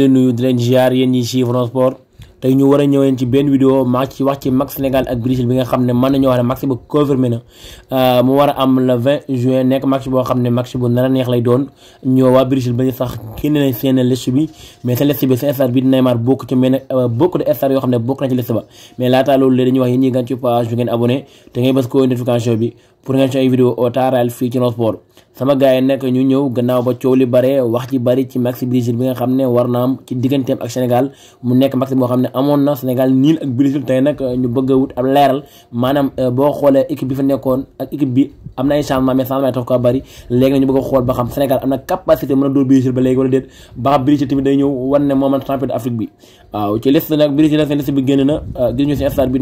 leen nuyu di leen ziar yéen ñi sport tey ñu war a ñëween ci benn vidéo match wax ci match Sénégal ak Brésil bi nga xam ne mën na euh, mu war a am boo xam ne match bu nar neex lay doon ñoo waa Brésil sax génne nañ seen liste bi mais sa liste bi sa star bi Neymar bokk ci mel euh, bokk de ci liste ba mais laata loolu léegi dañuy wax yéen ñi gan ci page bi ngeen abonné te ngay bës ko notification bi pour ngeen ci ay vidéo au taaral fii ci no sport sama gars yi nekk ñu ñëw gannaaw ba coow li bare wax ci bari ci match Brésil bi nga xam ne war na am ci digganteem ak Sénégal mu nekk match boo xam ne amoon na Sénégal niil ak Brésil tey nag ñu bëgg a wut ab leeral maanaam euh, boo xoolee équipe bi fa nekkoon ak équipe bi am na ay changement mais changement yi tax bari léegi nag ñu bëgg xool ba xam Sénégal am na capacité mën a dóor Brésil ba léegi wala déet ba xam Brésil tamit day ñëw wan ne moo mën champion d'Afrique bi waaw ci liste nag Brésil seen liste bi génn na euh, gis ñu si stade bi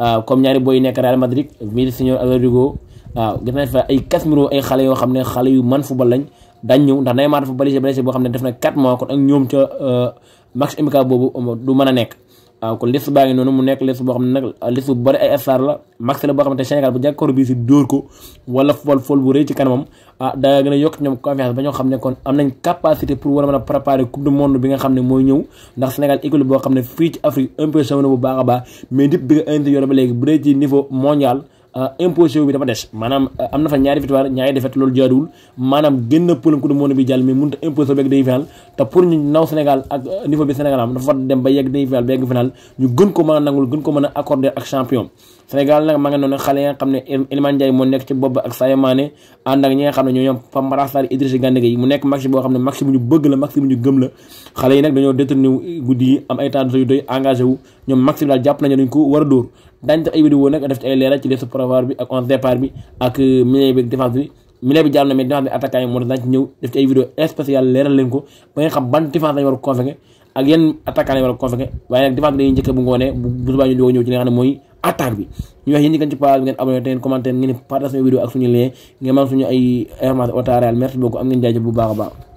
waaw euh, comme ñaari booy nekk Real Madrid mii di Señor Rodrigo waaw gis nañ fa ay Casemiro ay xale yoo xam ne xale yu man ba lañ dañ ñëw ndax Neymar dafa blessé blessé boo xam ne def na 4 mois kon ak ñoom ca euh, match amical boobu du mën a nekk waaw ah, kon liste baa ngi noonu mu nekk liste boo xam ne nag ah, liste bu bëri ay star la max la boo xamante Sénégal bu jàkkaarloo bi si dóor ko wala fol fol bu rëy ci kanamam ah da gën a yokk ñoom confiance ba ñoo xam ne kon am nañ capacité pour war a mën a préparer coupe du monde bi nga xam ne mooy ñëw ndax Sénégal équipe boo xam ne fii ci Afrique impression na bu baax a baax mais dip bi nga indi yore ba léegi bu dee ci niveau mondial Euh, imposé wu bi dafa des maanaam euh, am na fa ñaari victoire ñaari defet loolu jaaduwul maanaam gën na pëlan ku du monde bi jàll mais mënut impo imposé beeg day final te pour ñu naw Sénégal ak euh, niveau bi Sénégal am dafa fa dem ba yegg day final ba yegg final ñu gën ko man a nangul gën ko mën a accorder ak champion Sénégal nag ma nga noonu xale yi nga xam ne Iliman Ndiaye moo nekk ci bopp ak Sadio Mané ànd ak ñi nga xam ne ñoo ñoom Pape Matar Sarr Idrissa Gana Gueye mu nekk match boo xam ne match bu ñu bëgg la match bu ñu gëm la xale yi nag dañoo détourné guddi yi am ay temps yu doy engagé wu ñoom match bi daal jàpp nañu dañ ko war a dóor daañu def ay vidéo nag def ci ay leeral ci les pouvoir bi ak onze départ bi ak euh, milieu bi défense bi milieu bi jaar na mais défense bi attaquant yi moo tax daañu ci ñëw def ci ay vidéo spécial leeral leen ko ba nga xam ban défense lañu war a convoqué ak yenn attaquant lañu war a convoqué waaye nag défense bi dañuy njëkk bu ngoonee bu subaa ñu doog ñëw ci li nga xam ne mooy attaque bi ñu wax yéen ñi ngeen ci paal ngeen abonné te ngeen commenté ngeen partage ak suñu lien ngeen man suñu ay information au merci beaucoup am ngeen jaajëf bu baax a baax